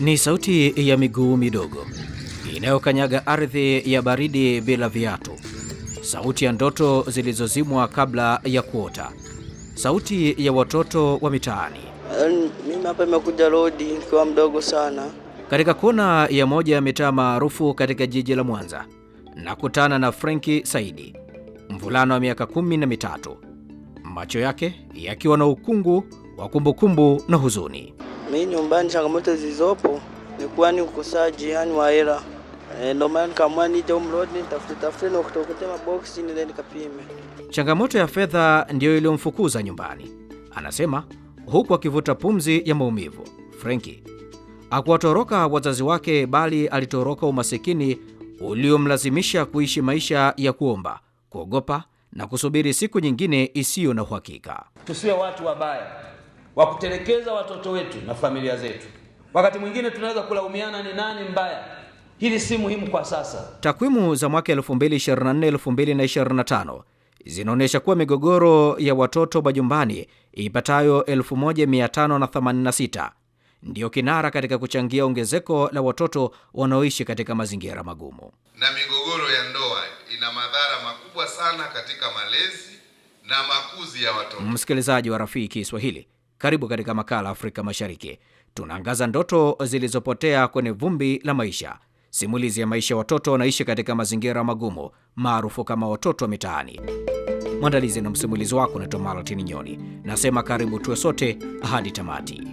Ni sauti ya miguu midogo inayokanyaga ardhi ya baridi bila viatu, sauti ya ndoto zilizozimwa kabla ya kuota, sauti ya watoto wa mitaani. Yaani, mimi hapa nimekuja rodi nikiwa mdogo sana, katika kona ya moja ya mitaa maarufu katika jiji la Mwanza, nakutana na Frenki Saidi, mvulana wa miaka kumi na mitatu, macho yake yakiwa na ukungu wa kumbukumbu na huzuni. Mi nyumbani, changamoto zilizopo ni kuwa ni ukosaji yani wa hela e, ndio maana nikaamua nije mrodi nitafute tafute na kutokuta maboksi nile nikapime. Changamoto ya fedha ndiyo iliyomfukuza nyumbani, anasema huku akivuta pumzi ya maumivu. Frenki akuwatoroka wazazi wake, bali alitoroka umasikini uliomlazimisha kuishi maisha ya kuomba kuogopa na kusubiri siku nyingine isiyo na uhakika. Tusiwe watu wabaya wa kutelekeza watoto wetu na familia zetu. Wakati mwingine tunaweza kulaumiana ni nani mbaya. Hili si muhimu kwa sasa. Takwimu za mwaka 2024 2025 zinaonyesha kuwa migogoro ya watoto majumbani ipatayo 1586 ndiyo kinara katika kuchangia ongezeko la watoto wanaoishi katika mazingira magumu na migogoro ya ndoa ina madhara makubwa sana katika malezi na makuzi ya watoto. Msikilizaji wa Rafiki Kiswahili, karibu katika makala Afrika Mashariki. Tunaangaza ndoto zilizopotea kwenye vumbi la maisha, simulizi ya maisha ya watoto wanaishi katika mazingira magumu, maarufu kama watoto wa mitaani. Mwandalizi na msimulizi wako naitwa Malatini Nyoni, nasema karibu tuwe sote hadi tamati.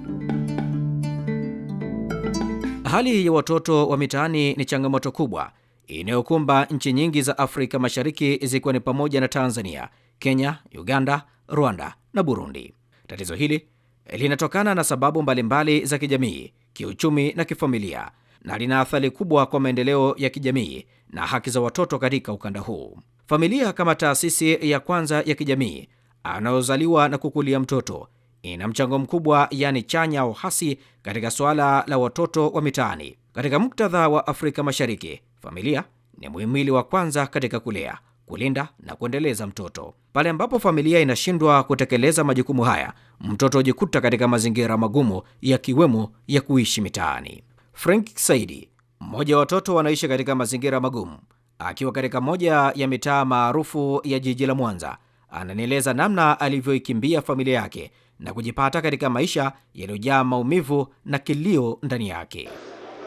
Hali ya watoto wa mitaani ni changamoto kubwa inayokumba nchi nyingi za Afrika Mashariki zikiwa ni pamoja na Tanzania, Kenya, Uganda, Rwanda na Burundi. Tatizo hili linatokana na sababu mbalimbali za kijamii, kiuchumi na kifamilia na lina athari kubwa kwa maendeleo ya kijamii na haki za watoto katika ukanda huu. Familia kama taasisi ya kwanza ya kijamii anayozaliwa na kukulia mtoto ina mchango mkubwa, yani chanya au hasi, katika suala la watoto wa mitaani. Katika muktadha wa Afrika Mashariki, Familia ni muhimili wa kwanza katika kulea, kulinda na kuendeleza mtoto. Pale ambapo familia inashindwa kutekeleza majukumu haya, mtoto hujikuta katika mazingira magumu, yakiwemo ya kuishi mitaani. Frank Saidi, mmoja wa watoto wanaishi katika mazingira magumu, akiwa katika moja ya mitaa maarufu ya jiji la Mwanza, ananieleza namna alivyoikimbia familia yake na kujipata katika maisha yaliyojaa maumivu na kilio ndani yake.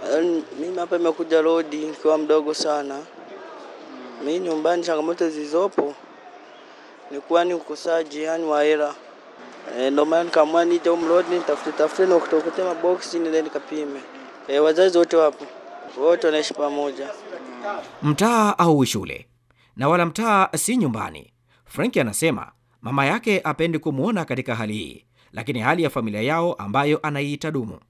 Eh, mimi hapa nimekuja Lodi nikiwa mdogo sana. Mimi nyumbani, changamoto zilizopo nilikuwa ni ukosaji yani wa hela e, ndio maana nikaamua nije huko Lodi nitafute tafute na kutokuta maboksi nile nikapime. E, wazazi wote wapo, wote wanaishi pamoja mtaa au shule, na wala mtaa si nyumbani. Franki anasema mama yake apendi kumwona katika hali hii, lakini hali ya familia yao ambayo anaiita dumu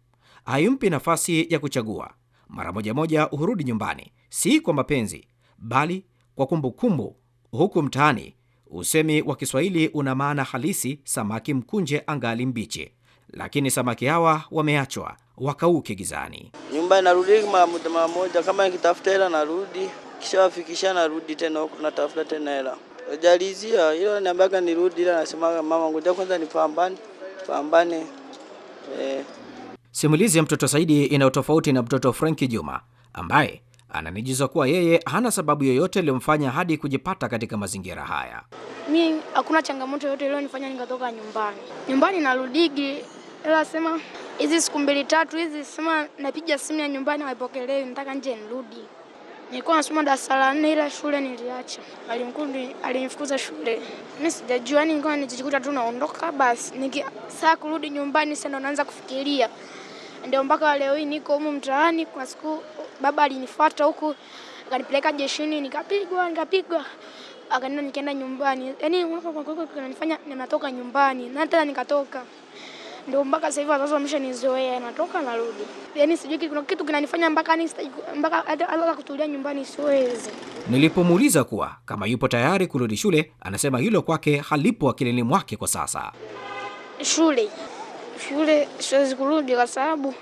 haimpi nafasi ya kuchagua. Mara moja moja hurudi nyumbani, si kwa mapenzi, bali kwa kumbukumbu kumbu. Huku mtaani usemi wa Kiswahili una maana halisi, samaki mkunje angali mbichi, lakini samaki hawa wameachwa wakauke gizani. Nyumbani narudi muda mara moja, kama nikitafuta hela narudi, kishawafikisha narudi tena huku natafuta tena hela jalizia ilo niambaga nirudi, ila nasemaga mama, ngoja kwanza nipambane pambane, eh. Simulizi ya mtoto Saidi ina utofauti na mtoto Frenki Juma ambaye ananijizwa kuwa yeye hana sababu yoyote iliyomfanya hadi kujipata katika mazingira haya. Mi hakuna changamoto yoyote iliyonifanya nikatoka nyumbani. Nyumbani narudigi, ila sema hizi siku mbili tatu hizi, sema napiga simu ya nyumbani haipokelewi, nataka nje nirudi. Nilikuwa nasoma darasa la nne ila shule niliacha, alimkundi alinifukuza shule. Mi sijajua, yani nilikuwa nijikuta tu naondoka, basi saa kurudi nyumbani sasa naanza kufikiria ndio mpaka leo hii niko humu mtaani. Kwa siku baba alinifuata huku akanipeleka jeshini, nikapigwa nikapigwa, akaenda nikaenda nyumbani. Yani kunanifanya natoka nyumbani na tena nikatoka, ndio mpaka sasa hivi wazazi wameshanizoea, natoka narudi. Yani sijui kuna kitu kinanifanya mpaka yani mpaka hata kutulia nyumbani siwezi. Nilipomuuliza kuwa kama yupo tayari kurudi shule, anasema hilo kwake halipo akilini mwake kwa sasa. Shule shule siwezi kurudi kwa sababu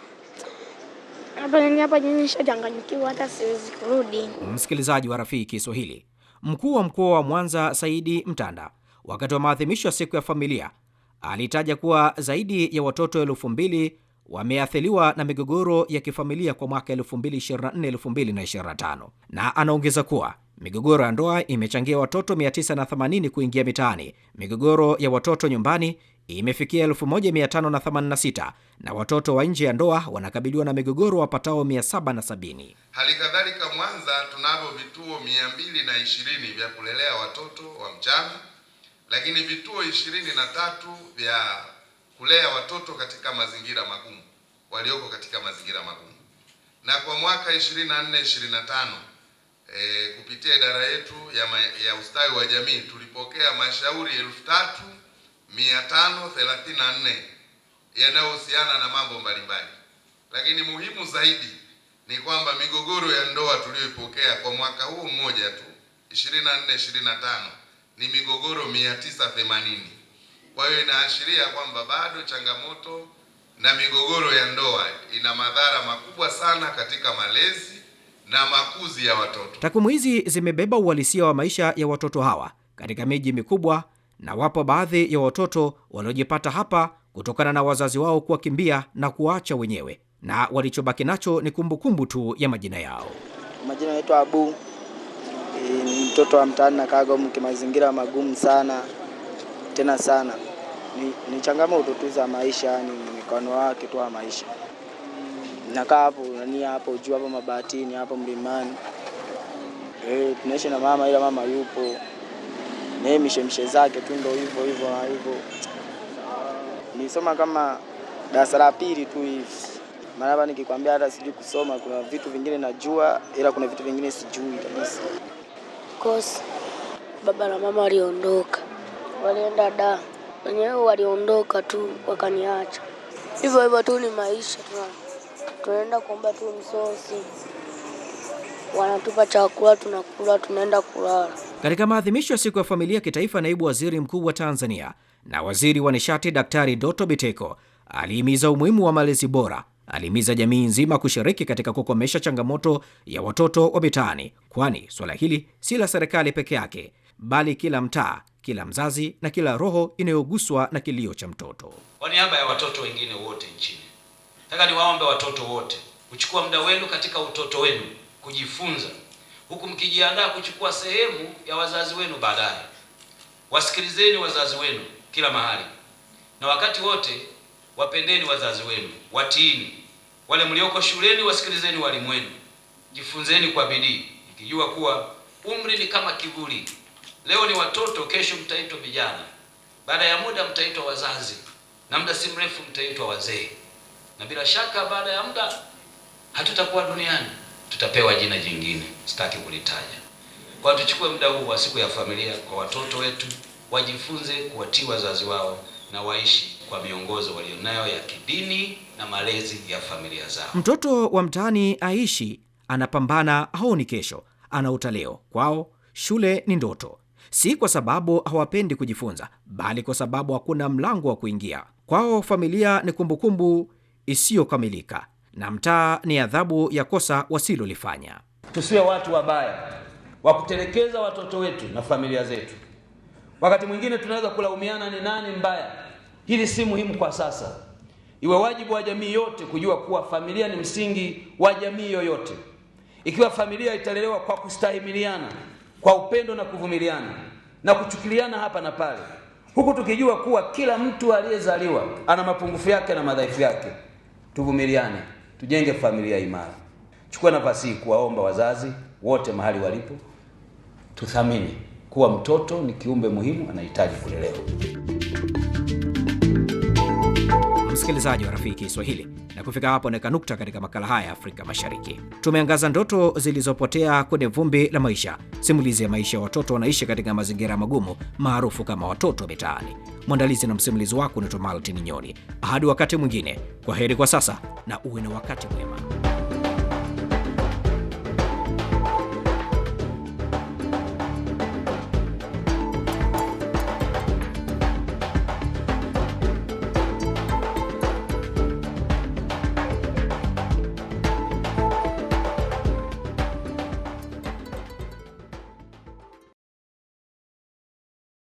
hapa nini hapa nishachanganyikiwa, hata siwezi kurudi. Msikilizaji wa Rafiki Kiswahili, mkuu wa mkoa wa Mwanza Saidi Mtanda wakati wa maadhimisho ya siku ya familia alitaja kuwa zaidi ya watoto elfu mbili wameathiriwa na migogoro ya kifamilia kwa mwaka 2024-2025 na anaongeza kuwa migogoro ya ndoa imechangia watoto 980 kuingia mitaani, migogoro ya watoto nyumbani imefikia 1586 na watoto wa nje ya ndoa wanakabiliwa na migogoro wapatao 770. Hali kadhalika Mwanza tunavyo vituo 220 vya kulelea watoto wa mchana, lakini vituo 23 vya kulea watoto katika mazingira magumu walioko katika mazingira magumu, na kwa mwaka 24 25 e, kupitia idara yetu ya, ya ustawi wa jamii tulipokea mashauri elfu tatu 534 yanayohusiana na mambo mbalimbali, lakini muhimu zaidi ni kwamba migogoro ya ndoa tuliyoipokea kwa mwaka huu mmoja tu 24 25 ni migogoro 980. Kwa hiyo inaashiria kwamba bado changamoto na migogoro ya ndoa ina madhara makubwa sana katika malezi na makuzi ya watoto. Takwimu hizi zimebeba uhalisia wa maisha ya watoto hawa katika miji mikubwa na wapo baadhi ya watoto waliojipata hapa kutokana na wazazi wao kuwakimbia na kuwaacha wenyewe, na walichobaki nacho ni kumbukumbu tu ya majina yao. Majina naitwa Abu e, ni mtoto wa mtaani na Kagoma, kimazingira magumu sana tena sana. Ni, ni changamoto tu za maisha, ni mikono wake tu wa maisha. Nakaa hapo nani hapo juu hapo mabatini hapo mlimani, e, tunaishi na mama, ila mama yupo na yeye mishemshe zake tu ndio hivyo hivyo na hivyo. Nilisoma kama darasa la pili tu hivi. Maana hapa nikikwambia hata sijui kusoma, kuna vitu vingine najua, ila kuna vitu vingine sijui kabisa. Kosi baba na mama waliondoka, walienda da, wenyewe waliondoka tu wakaniacha hivyo hivyo tu. Ni maisha tu, tunaenda kuomba tu msosi, wanatupa chakula tunakula, tunaenda kulala. Katika maadhimisho ya siku ya familia kitaifa, naibu waziri mkuu wa Tanzania na waziri wa nishati Daktari Doto Biteko alihimiza umuhimu wa malezi bora. Alihimiza jamii nzima kushiriki katika kukomesha changamoto ya watoto wa mitaani, kwani suala hili si la serikali peke yake, bali kila mtaa, kila mzazi na kila roho inayoguswa na kilio cha mtoto. Kwa niaba ya watoto wengine wote nchini, nataka niwaombe watoto wote kuchukua muda wenu katika utoto wenu kujifunza huku mkijiandaa kuchukua sehemu ya wazazi wenu baadaye. Wasikilizeni wazazi wenu kila mahali na wakati wote, wapendeni wazazi wenu, watiini. Wale mlioko shuleni, wasikilizeni walimu wenu, jifunzeni kwa bidii, nikijua kuwa umri ni kama kivuli. Leo ni watoto, kesho mtaitwa vijana, baada ya muda mtaitwa wazazi, na muda si mrefu mtaitwa wazee, na bila shaka baada ya muda hatutakuwa duniani tutapewa jina jingine, sitaki kulitaja. Kwa tuchukue muda huu wa siku ya familia kwa watoto wetu, wajifunze kuwatii wazazi wao na waishi kwa miongozo walionayo ya kidini na malezi ya familia zao. Mtoto wa mtaani aishi, anapambana, haoni kesho, anaota leo. Kwao shule ni ndoto, si kwa sababu hawapendi kujifunza, bali kwa sababu hakuna mlango wa kuingia. Kwao familia ni kumbukumbu isiyokamilika na mtaa ni adhabu ya kosa wasilolifanya. Tusiwe watu wabaya wa kutelekeza watoto wetu na familia zetu. Wakati mwingine tunaweza kulaumiana ni nani mbaya. Hili si muhimu kwa sasa. Iwe wajibu wa jamii yote kujua kuwa familia ni msingi wa jamii yoyote. Ikiwa familia italelewa kwa kustahimiliana, kwa upendo na kuvumiliana na kuchukiliana hapa na pale, huku tukijua kuwa kila mtu aliyezaliwa ana mapungufu yake na madhaifu yake, tuvumiliane tujenge familia imara. Chukua nafasi hii kuwaomba wazazi wote mahali walipo, tuthamini kuwa mtoto ni kiumbe muhimu, anahitaji kulelewa msikilizaji wa Rafiki Kiswahili, na kufika hapo naweka nukta katika makala haya ya Afrika Mashariki. Tumeangaza ndoto zilizopotea kwenye vumbi la maisha, simulizi ya maisha ya watoto wanaishi katika mazingira magumu maarufu kama watoto wa mitaani. Mwandalizi na msimulizi wako unaitwa Maltin Nyoni. Hadi wakati mwingine, kwa heri kwa sasa na uwe na wakati mwema.